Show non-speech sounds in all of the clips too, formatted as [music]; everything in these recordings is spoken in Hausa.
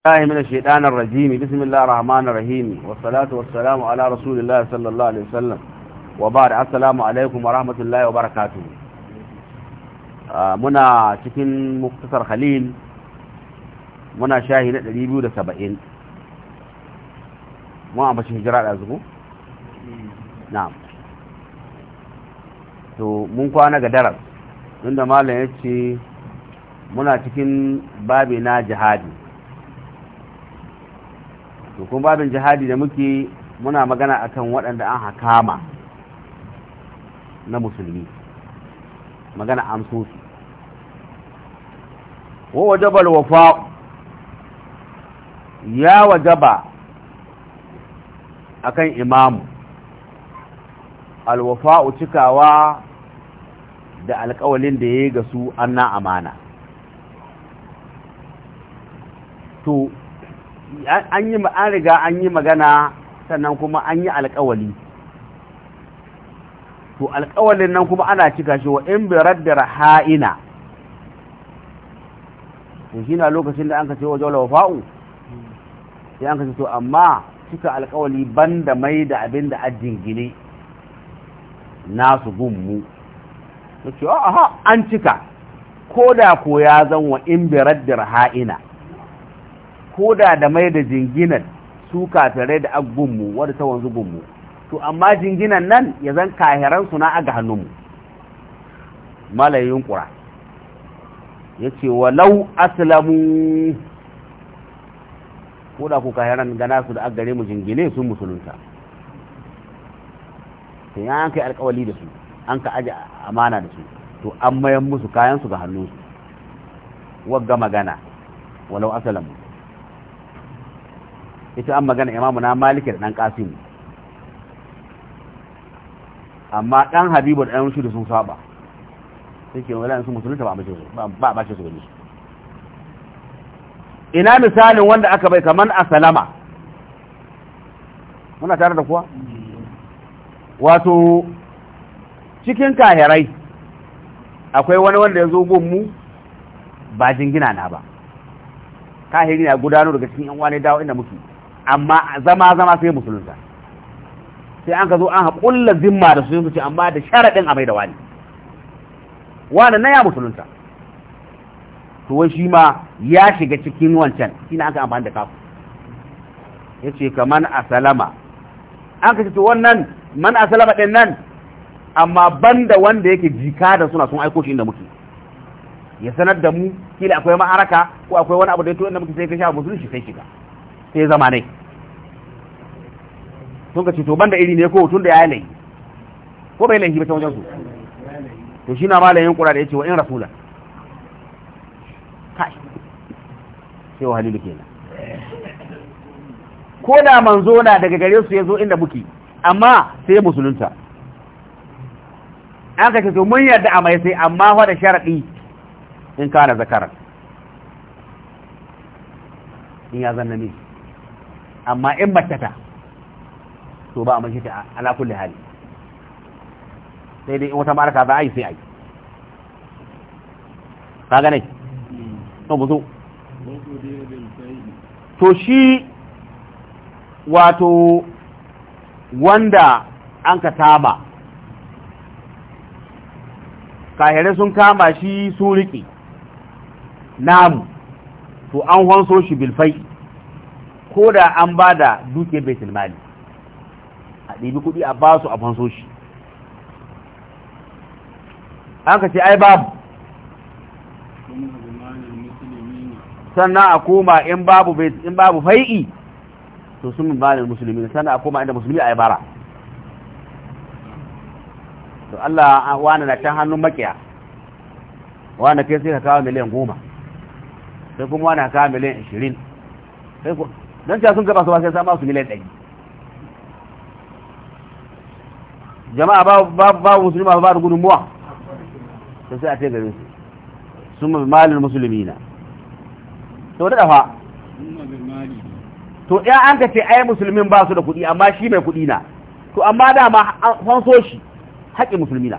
الله من الشيطان الرجيم بسم الله الرحمن الرحيم والصلاة والسلام على رسول الله صلى الله عليه وسلم وبعد السلام عليكم ورحمة الله وبركاته منا شكين مختصر خليل منا shahi لديبو دا سبعين a bashi hijira da zuku na'am to mun kwana ga darar inda malam yace muna cikin to kuma babin jihadi da muke muna magana akan waɗanda an hakama na musulmi magana amsosu wa wajabal wafa ya wajaba akan imamu alwafa'u cikawa da alƙawalin da ya ga su anna amana to an yi an riga an yi magana sannan kuma an yi alƙawali to alƙawalin nan kuma ana cika shi wa in bi raddar ha'ina to shi na lokacin da an ka ce wa jawla wafa'u sai an ka ce to amma cika alƙawali banda mai da abin da ajin gine nasu gummu to ce aha an cika ko da ko ya zan wa in bi raddar ha'ina koda da mai da jinginan su tare da agbunmu wadda ta wanzu gunmu to amma jinginan nan ya zan kahiran suna ga hannunmu malayin yunkura ya ce walau asalamu koda ku kahiran gana su da agare mu jingine sun musulunta sai an kai alkawali da su an ka aji amana da su to an mayan musu kayan su ga hannunsu wagga magana walau asalamu. ita an magana imamu na maliki da ɗan ƙasim amma ɗan habibu da ɗan shudu sun saba sai ke wala sun musulunta ba ba bace su gani ina misalin wanda aka bai kaman a salama muna tare da kuwa wato cikin kahirai akwai wani wanda ya zo gunmu ba jingina na ba kahiri na gudano daga cikin yan wani dawo inda muke amma zama zama sai musulunta sai an ka zo an haƙulla zimma da su ce amma da sharaɗin mai da wani wani na ya musulunta to wai shi ma ya shiga cikin wancan shi na aka amfani da kafu ya ce ka man asalama an ka ce to wannan man asalama ɗin nan amma banda wanda yake jika da suna sun aiko shi inda muke ya sanar da mu kila akwai ma'araka ko akwai wani abu da ya tuwa inda muke sai ka sha musulunci sai shiga sai zama ne sun ka ce to banda iri ne ko tun da ya layi ko bai laifi ba ta wajen su to shi na malayin kura da ya ce wa in rasula kai sai wa halilu kenan ko da manzo na daga gare su ya zo inda muke amma sai ya musulunta an ka ce to mun yarda a mai sai amma fa da sharadi in kana zakara in ya zanna ne amma in mace ta to ba a mashi ta ala kulle hali sai dai in wata maraka za a yi sai a yi ka gane to buzo to shi wato wanda an ka taba kahere sun kama shi su riƙe namu to an hanso shi bilfai ko da an ba da duke bai tilmali ɗibi kuɗi a basu a fanso shi an ka ce ai babu sannan a koma in babu in babu fai'i to sun malin musulmi sannan a koma inda musulmi a bara to Allah wani na can hannun makiya wani kai sai ka kawo miliyan goma sai kuma wani kawo miliyan ashirin don cewa sun gaba su ba sai sama su miliyan ɗari jama'a babu babu musulmi ba ba da gudunmuwa to sai a ce garin su sun mabi malin musulmi na to da dafa to ya an ka ce ai musulmin ba su da kuɗi amma shi mai kuɗi na to amma dama an shi haƙƙin musulmi na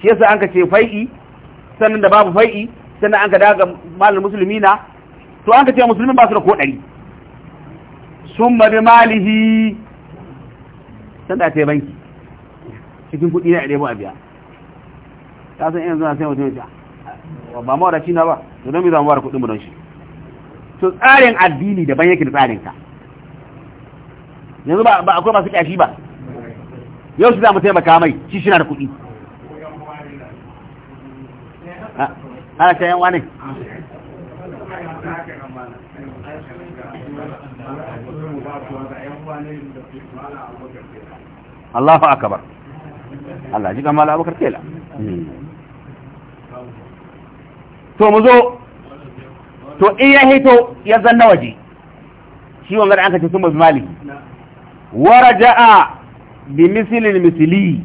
shi yasa an ka ce fai'i sannan da babu fai'i sannan an ka daga malin musulmi na to an ka ce musulmin ba su da ko ɗari sun mabi malihi ta da ta banki cikin kuɗi na ɗaya a biya ta san yanzu na sai mutum ya ah, ba ma wadaci na ba to don mi zama wara da don shi to tsarin addini daban yake da tsarin ka yanzu ba akwai masu kyashi ba yau su za mu taimaka mai shi shi na da kuɗi ah, ana ta yan wani Allahu akabar. Allah ji kamar abubakar tela to mu zo to in ya hito ya zanna waje shi wanga da an kace sun maliki waraja'a bi mislil misli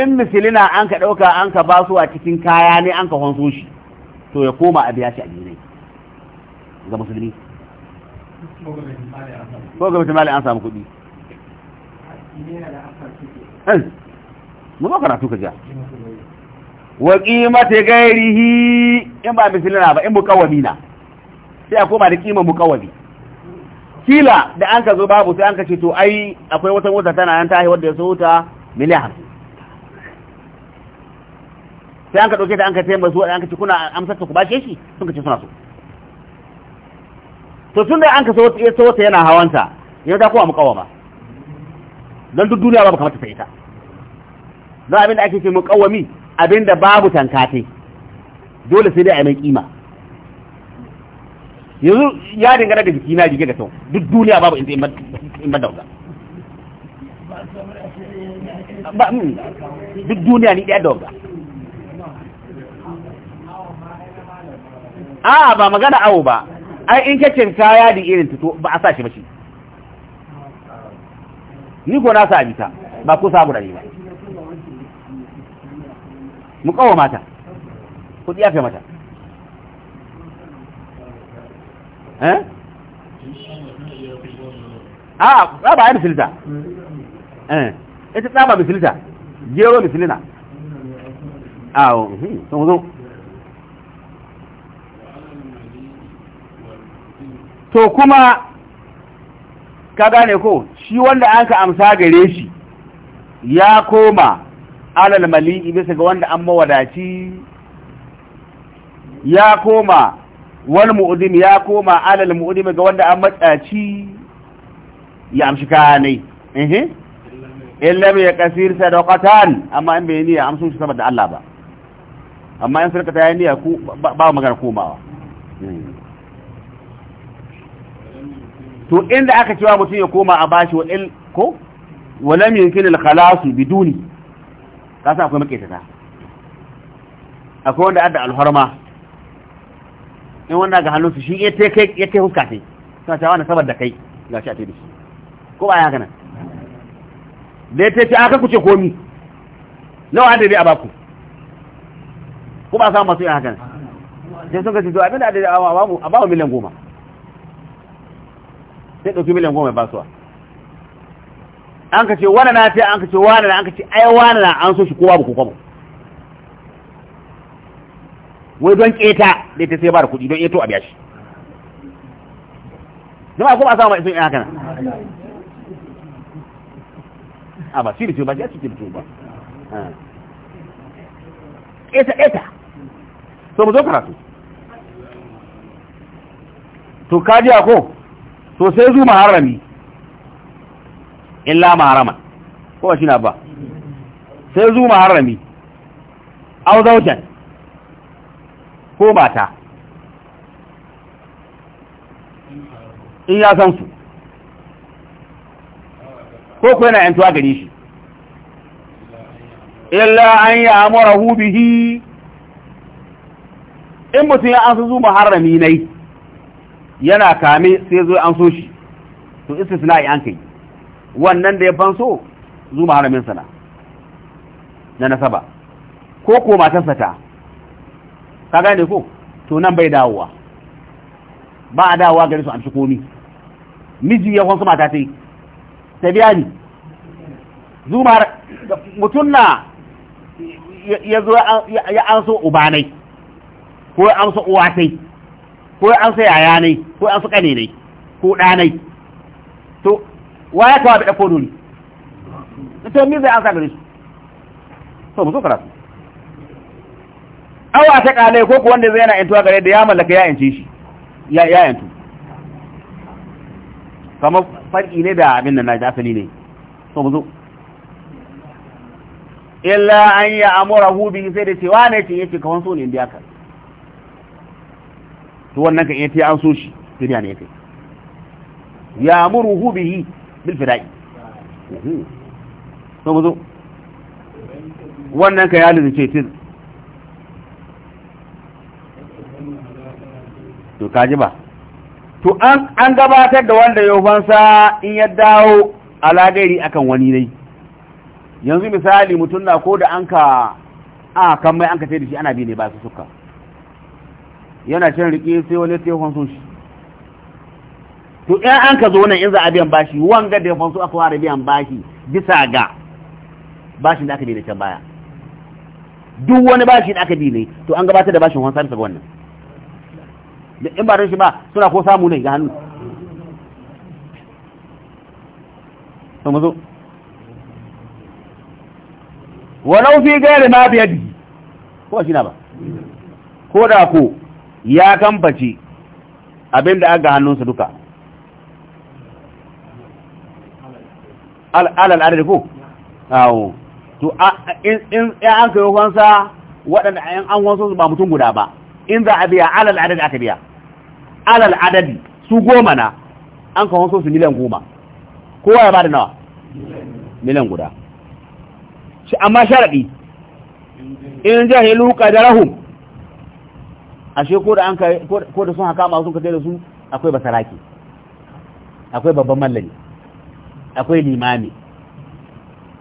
in mislina an ka dauka an ka basu a cikin kaya ne an ka honso shi to ya koma a biya shi a jirai ga musulmi ko ga mutum an samu kuɗi Eh, mu zo karatu ka ja wa qimati ghairihi in ba misalina ba in muqawwami na sai a koma da kima muqawwami kila da an ka zo babu sai an ka ce to ai akwai wata wata tana yan tahi wanda ya so ta miliyan hamsin. sai an ka dauke ta an ka taimaka su an ka ce kuna amsar ta ku bashe shi sun ka ce suna so to tun da an ka so wata yana hawanta yau ta kuma muqawwama don duk duniya babu kamar ta sai ita don da ake ce muƙawami abinda babu tankate dole sai dai a mai kima yanzu ya dingana da jiki na jike da sau duk duniya babu in in ban dauka mm, duk duniya ni ɗaya dauka a ba magana awo ba ai in kacin kaya da irin tuto ba a sa shi ba shi ni ko na sami ta ba ku sa da ni ba mu kawo mata kuɗi ya fe mata eh ah ba ba filta eh ita tsaba misilta gero misilina a mhm, sun zo to kuma ka gane ko shi wanda an ka amsa gare shi ya koma alal mali'i bisa ga wanda an mawadaci ya koma wal mu'udim ya koma alal mu'udim ga wanda an matsaci ya amshi kayanai ehe illa bi kasir sadaqatan amma in bai niyya amsun shi saboda Allah ba amma in sarkata yayin niya niyya ku ba magana komawa hmm. to inda aka cewa mutum ya koma a bashi wa il ko walam yumkin al khalas biduni kasa akwai tata akwai wanda adda alhorma in wanda ga hannunsu shi ya kai ya kai huska sai suna cewa na sabar da kai ga shi a tebi ko ba ya gana da ya tece aka kuce komi nawa adadi a baku ko ba samu masu yin a hakan sai sun gaji to da adadi a bamu miliyan goma sai ɗauki miliyan goma ba suwa an ka ce wani na ta an ka ce wani na an ka ce ai wani na an so shi kowa ba ku kwamo wai don keta da ta sai ba da kuɗi don eto a biya shi jama'a kuma a samu mai sun yi haka nan a ba shi da ba shi cikin ba ƙeta ƙeta to mu zo karatu to kajiya ko So sai zu maharami illa maharama, ko shi na ba sai zu maharami au ko mata in ya san su ko ku yana yantuwa gare shi illa an yi amurahu bihi in mutum ya an su harami na yi. yana kame sai zo an so shi to istisna'i an kai wannan da ya fanso zu maharamin sana na nasaba ko ko matarsa ta ka gane ko to nan bai dawowa ba a dawowa gare su ci komi miji ya kwansu mata ta yi ta biya ni zuma mutum na ya zo ya an so ubanai ko ya an so uwatai ko an sai yaya ne ko an suka ne ne ko ɗanai to wa ya kawo da ko duni to me zai an sa gare su to mu so karatu awa ta kalai ko ko wanda zai yana intuwa gare da ya mallaka ya yance shi ya ya yantu kamar farki ne da abin nan na da asali ne to mu zo illa an ya amura hu bi sai da cewa ne ce yake kawon so ne indiya ka to wannan kan iya an so shi duniya ne ya kai ya muruhu bihi bil fida'i to mu zo wannan kan ya lizince tin to kaji ba to an an gabatar da wanda ya fansa in ya dawo alagari akan wani ne yanzu misali mutum na ko da an ka a kan mai an ka sai da shi ana bi ne ba su suka yana cin rike sai wani sai fansu shi to in an ka zo nan in za a biyan bashi wanga da fansu aka ware biyan bashi bisa ga bashin da aka bi da can baya duk wani bashi da aka bi ne to an gabatar da bashin wansa bisa ga wannan in ba don shi ba suna ko samu ne ga hannu to mu zo walau fi gairi ma biyadi ko shi na ba ko da ko ya kamfaci abinda an ga hannunsa duka alal adadi ko? awo to in an kai kwansa waɗanda an an kwanso ba mutum guda ba in za a biya alal adadi aka biya alal adadi su goma na an kwanso su miliyan goma kowa ya ba da nawa miliyan guda amma sharaɗi in jahilu qadarahum ashe ko da an ka ko da sun haka ma sun ka da su akwai basaraki akwai babban mallami akwai limami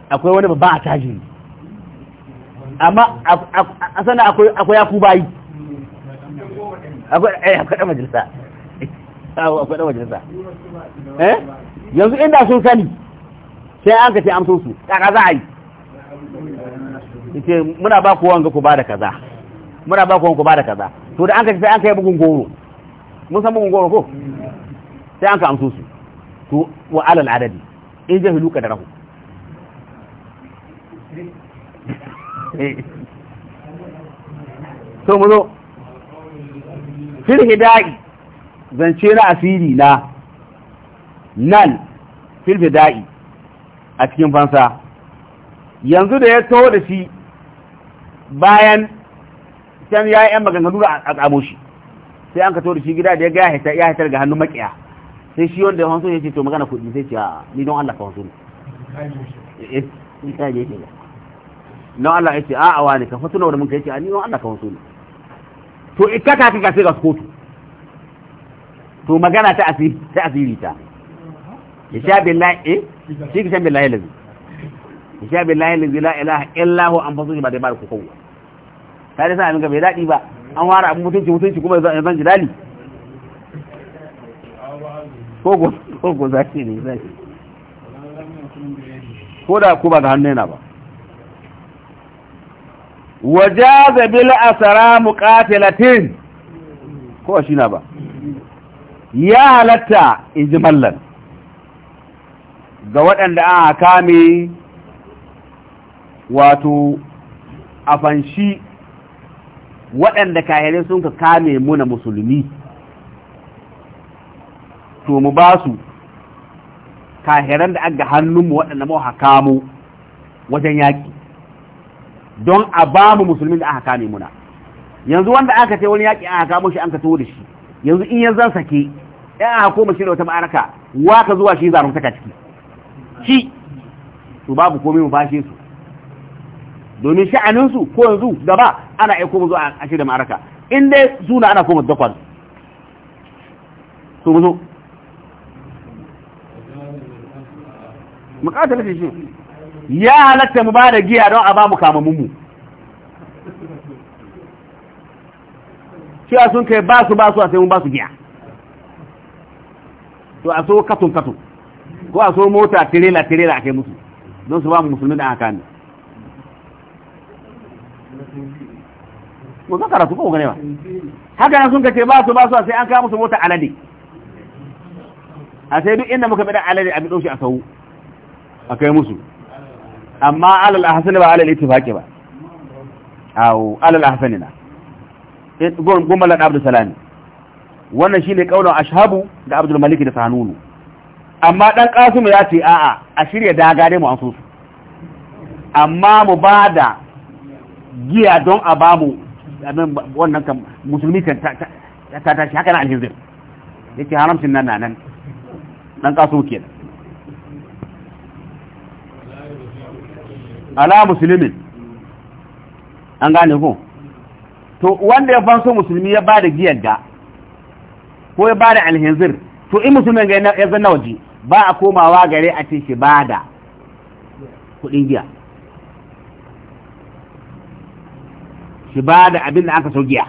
akwai wani babban attajiri amma a sana akwai akwai bayi akwai eh akwai majalisa [laughs] akwai majalisa eh yanzu inda sun sani sai an ka ce amso su kaka za a yi ce muna ba ku wanga ku ba da kaza muna ba ku wanga ku ba da kaza to da an ka sai an kai bugun goro mun san bugun goro ko sai an ka amsu su to wa alal adadi in jahilu ka rahu. to mu zo fil hidai zance na asiri na nan fil hidai a cikin fansa yanzu da ya to da shi bayan can ya yi yan maganganu a tsamo shi sai an ka tori shi gida da ya gaya ya haitar ga hannun makiya sai shi wanda ya hanso ya ce to magana kudi sai ce a ni don Allah ka hanso na eh, Allah ya ce a awa wani kafa suna wani ce a ni don Allah ka hanso to ita ka ka sai ga kotu to magana ta asiri ta ya sha billahi eh shi ka sha ilaha illa an fasu shi ba da ba ta da sa abin bai daɗi ba an wara abin mutunci mutunci kuma yanzu ji dali ko ko zaki ne zaki ko da ku ba ga hannu yana ba wajaza bil asara muqatilatin ko shi na ba ya halatta ijmallan ga waɗanda an kame wato a fanshi waɗanda kahirai sun ka kame muna musulmi to mu ba su kahiran da aga hannunmu waɗanda mu kamo wajen yaƙi don a ba mu musulmin da aka kame muna yanzu wanda aka ce wani yaƙi aka kamo shi an ka da shi yanzu in ya zan sake ɗan aka koma shi da wata ma'araka wa ka zuwa shi zarun ta ciki shi to babu komai mu bashe su domin sha'aninsu ko yanzu gaba ana iya mu zuwa a shirya ma'araka in dai suna ana koma zakwan su zo mukatar shi shi ya halatta mu ba da giya don a ba mu shi cewa sun kai ba su ba su a sai mun ba su giya to a so katun katun ko a so mota tirela tirela a kai musu don su ba mu musulmi da aka ne mun zan karatu ko gane ba haka nan sun kace ba su ba su sai an kawo musu mota alade a sai duk inda muka bi alade a bi dauki a sau a kai musu amma alal ahsan ba alal ittifaqi ba aw alal ahsanina gon eh, gon malan abdul salami wannan shine kaulin ashabu da abdul malik da sanunu amma dan kasim ya ce a'a a shirya daga dai mu an so su amma mu bada giya don a bamu abin wannan kan musulmi kan ta tashi haka na alhizir yake haramcin nan nan dan kaso da, ala musulmin an gane ko to wanda ya fanso musulmi ya bada giyar da ko ya bada alhinzir to in musulmin ga ya zanna waje ba a komawa gare a ce shi bada kudin giya su ba da abin da aka ka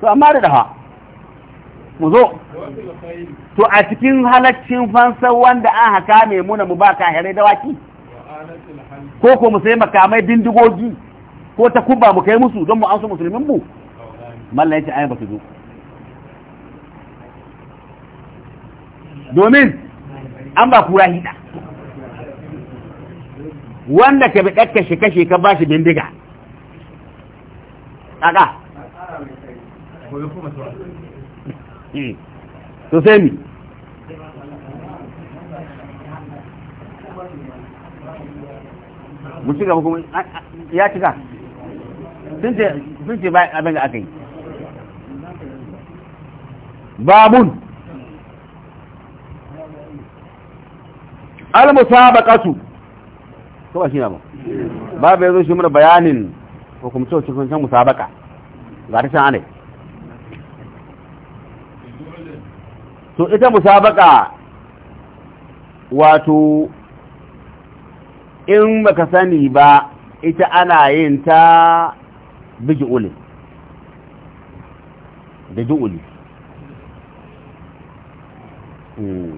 to amma da dafa mu zo to a cikin halaccin fansar wanda an haka mai muna mu ba da dawaki ko ko mu sai makamai bindigogi ko ta kuba mu kai musu don mu an su musulmin mu mallan yace ayan su zo domin an ba kura hida wanda ka bi ɗakka shi kashe ka ba shi bindiga ɗaɗa hmm. to sai mi mu cika kuma ya cika sun ce abin da aka yi babun al-musabaqatu ko ba shi na ba babu ya zo shi mana bayanin hukumce hukumcen musabaka ga ta shan anai to ita musabaka wato in baka sani ba ita ana yin ta biji'ulin da ji'uli hmm.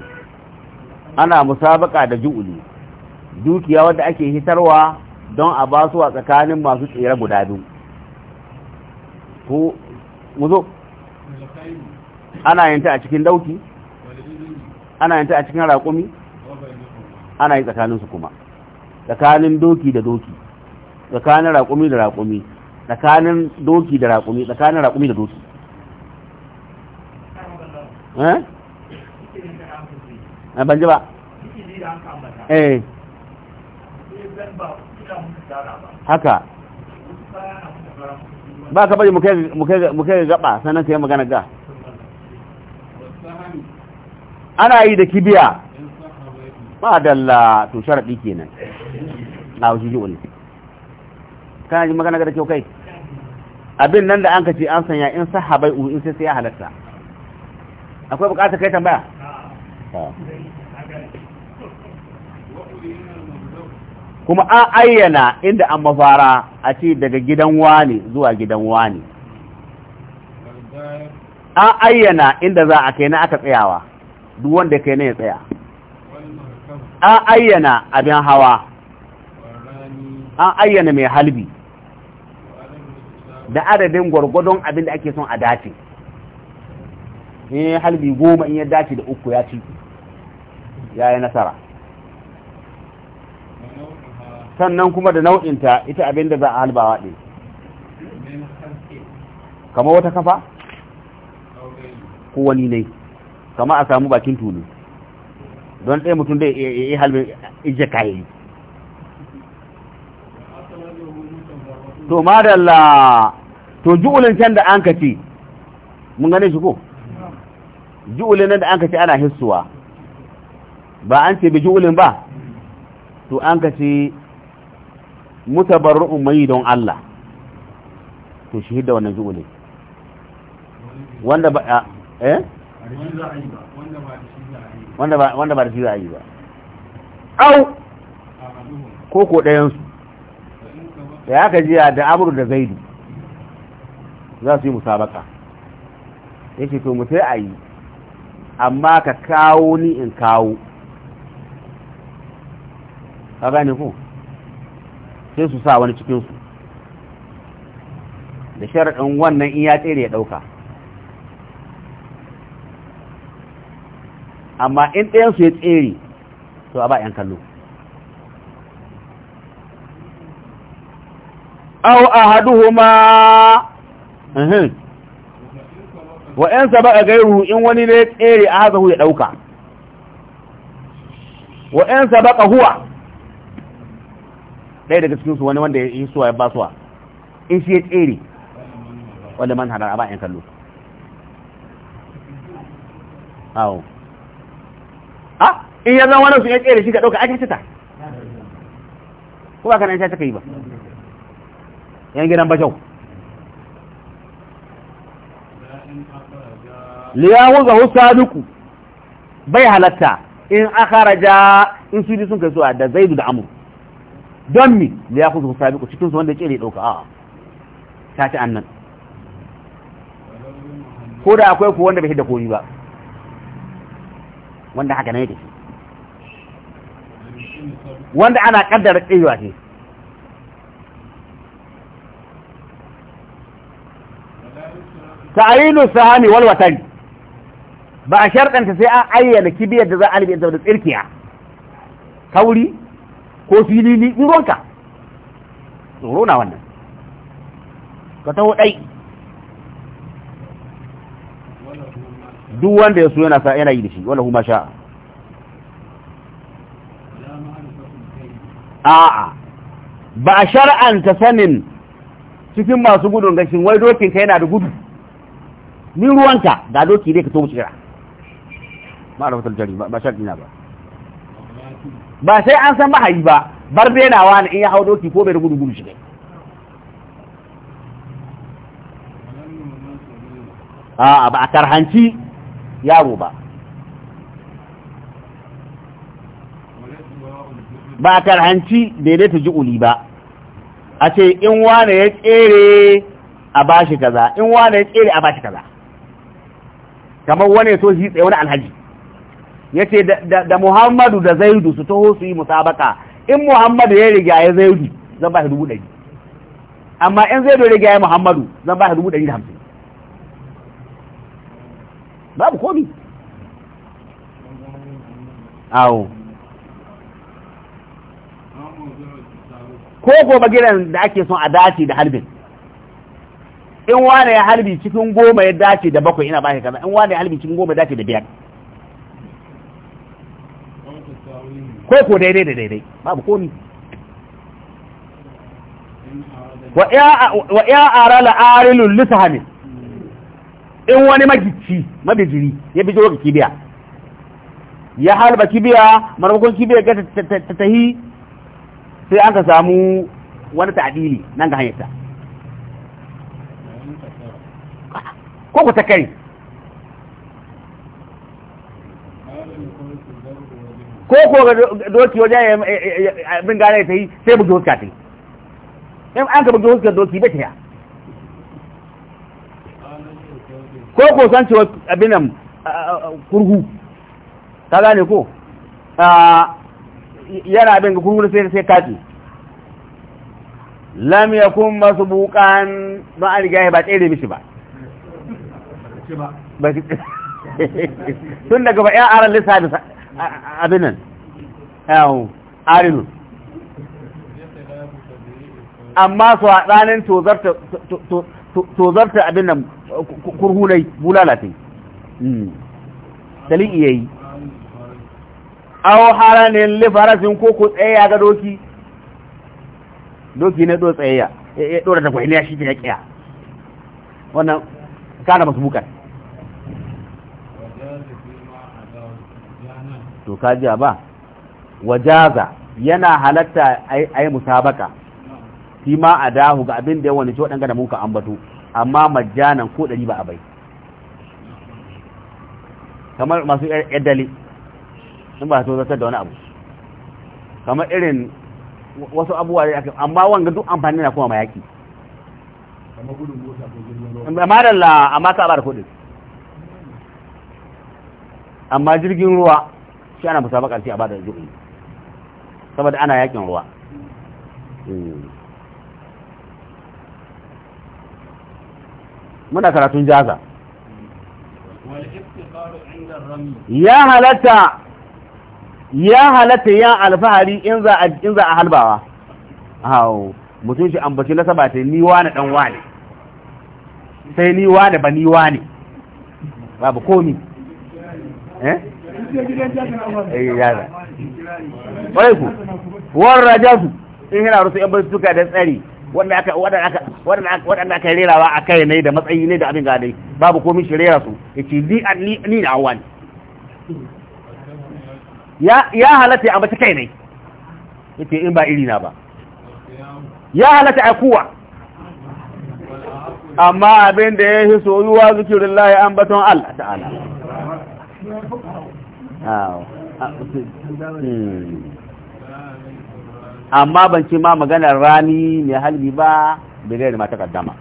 ana musabaka da ji'uli dukiya wadda ake hitarwa don a ba su a tsakanin masu tsere guda biyu ko muzo ana yin ta a cikin dauki ana yin ta a cikin raƙumi ana yi tsakaninsu kuma tsakanin doki da doki tsakanin raƙumi da raƙumi tsakanin doki da raƙumi tsakanin raƙumi da doki eh? eh ban ji ba? eh haka ba ka bari mu kai gaba sannan ka yi magana ga ana yi da kibiya ba dalla to sharaɗi kenan na wasu wani kana ji magana ga da kyau kai abin nan da an ka ce an sanya in sahabai u in sai sai ya halatta akwai bukatar kai tambaya kuma an ayyana inda an mafara a ce daga gidan wani zuwa gidan wani an ayyana inda za a kai na aka tsayawa duk wanda kai na ya tsaya an ayyana abin hawa an ayyana mai halbi da adadin gwargwadon abin da ake son a dace in halbi goma in ya dace da uku ya ci ya yi nasara sannan kuma da nau'inta ita abinda za a halbawa ɗin kama wata kafa ko wani ne kama a samu bakin tuni don ɗaya mutum da ya yi halbe ije kayi. to madalla to ju'ulin can da an kaci mun gane shi ko ju'ulin nan da an kaci ana hissuwa ba an ce bi ju'ulin ba to an kaci mutabarru'un mai don Allah to shi da wannan zuwa ne wanda ba eh wanda ba wanda ba da shi za a yi ba au ko ko ɗayansu da ya ka jiya da amur da zaidu za su yi musabaka yake to mutai a yi amma ka kawo ni in kawo ka gane ko sai su sa wani cikinsu da sharaɗin wannan iya tsere ya ɗauka amma in ɗayansu ya tsere to a ba ‘yan kallo au a haɗu ma uhm, wa'yansa ba a gairu in wani ne tsere a hazahu ya ɗauka 'yan saba ka huwa ɗaya daga cikinsu wani wanda ya yi suwa ya basuwa in shi ya tsere wanda man harar ba yan kallo awo a ah, in ya zama wannan su ya tsere shi ka ɗauka ake cita ko ba ka nan ta yi ba yan gidan bashau liyawu zahu saduku bai halatta in ja in su sun kai suwa da zaidu da amur don mi da ya kusa sabiku cikinsu wanda ke rai dauka a ta ci annan ko da akwai ku wanda bai hidda komi ba wanda haka na yake shi wanda ana kaddara ƙewa ce ta'ayinu sahami wal watani ba a sharɗanta sai an ayyana kibiyar da za a alibiyar da tsirkiya kauri ko fili ni in ruwanka tsoro na wannan ka taho ɗai duk wanda ya so yana sa yana yi da shi kuma sha sha'a a'a ba a shar'anta sanin cikin masu gudun gashin wai dokin ka yana da gudu ni ruwanka da doki dai ka to mu shiga ma'arafatul jari ba shar'i na ba ba sai an san mahayi ba bar benawa ne in ya hau doki ko bai da gudu gudu shi a ba a karhanci yaro ba ba a karhanci daidaita ji'uli ba a ce in wane ya tsere a bashi kaza in wane ya tsere a bashi kaza kamar wane so shi tsaye wani alhaji yace da Muhammadu da Zaidu su taho su yi musabaka in Muhammadu ya riga ya Zaidu zan ba shi dubu ɗari amma in Zaidu ya riga ya Muhammadu zan ba shi dubu ɗari da hamsin babu komi awo ko ko gidan da ake son a dace da harbin in wane ya harbi cikin goma ya dace da bakwai ina ba shi kaza in wane ya harbi cikin goma ya dace da biyar ko ko daidai da daidai babu komi wa ya ara la'arilun lissahamin in wani magici mabijiri ya bi jiro ga kibiya ya halba kibiya marmakon kibiya ga ta tahi sai aka samu wani ta'adili nan ga hanyarta ko ku ta kai ko ko ga doki wajen ya abin gane ta yi sai buge huska ta yi in an ka buge huskar doki bai ta ya ko ko san cewa abin nan kurhu ta gane ko yana abin ga kurhu sai sai kaci lam yakun masbuqan ba an riga ba tsere mishi ba [laughs] tun daga ba ya aran lissafi abinan yawon arinu amma su a tsanin tozarta abinan kurhunai bulalatin dalil iya yi ne hmm. haranin lifarasin ko ku tsaya ga doki doki na do tsayayya ya ɗora ta kwahiliya shi ya ƙiya wannan kana masu bukata to kajiya ba wajaza yana halatta a yi musabaka fi ma a dahu ga abin da ya wani waɗanga da muka ambato amma majanan ko ɗari ba a bai kamar masu yaddali in ba su zartar da wani abu kamar irin wasu abubuwa da yake amma wanga duk amfani na kuma mayaki amma amma ka ba da kuɗi amma jirgin ruwa shi ana musabakar sai a bada ju'i saboda ana yakin ruwa muna karatun jaza ya halatta ya halatta ya alfahari in za a halbawa hau mutum shi ambaci na saba ni wane dan wane, sai ni wane ba ni wane babu komi eh ƙwarai eh, ku warra jasu in yana rusu yan batutuka da tsari waɗanda aka rerawa a kai ne da matsayi ne da abin gadai babu komi shi rera su ya ce ni na wani. ya halatta a mace kai ne ya ce in ba iri na ba ya halatta a kuwa amma abin da ya yi soyuwa zikirin laye an baton Allah ta'ala Hmm. amma ban ce ma maganar rani mai halbi ba bai gari mata kaddama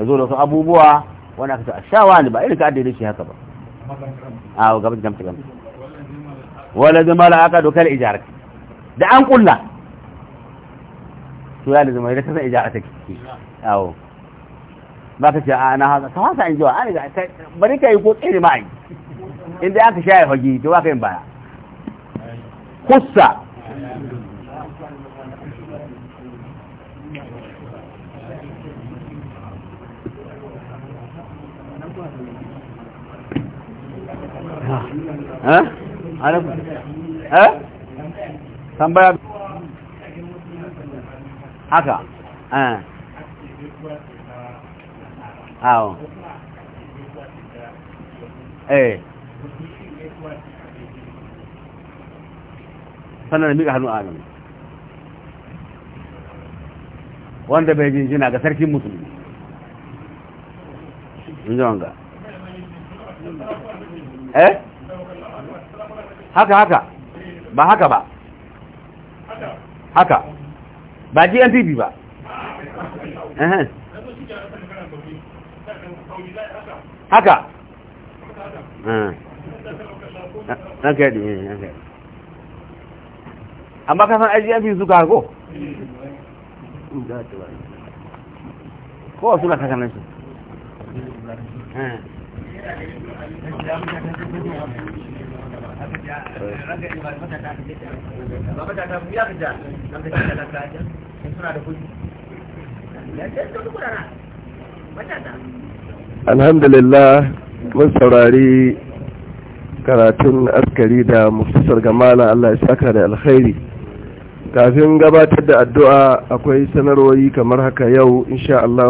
ya zo da su abubuwa wani aka ce a shawa ne ba irin ka adadin shi haka ba a gaban gamta gamta wala zama la aka dokar ijara da an kulla su yana da zama da kasan ta kike awo ba ka ce a ana haka ka hasa in jiwa an riga bari ka yi ko tsere ma a yi inda aka shaye fage to waka kai baya kussa tambaya haka sannan miƙa hannu amin wanda bai jinjina ga sarkin musulmi in ji wanga eh haka haka ba haka ba haka ba ba haka haka eh. eh, eh, amma kasan IGF suka ko? kowa suna su alhamdulillah mun saurari karatun askari da mufisar gamala Allah ya saka da alkhairi kafin gabatar da addu'a akwai sanarwoyi kamar haka yau insha Allah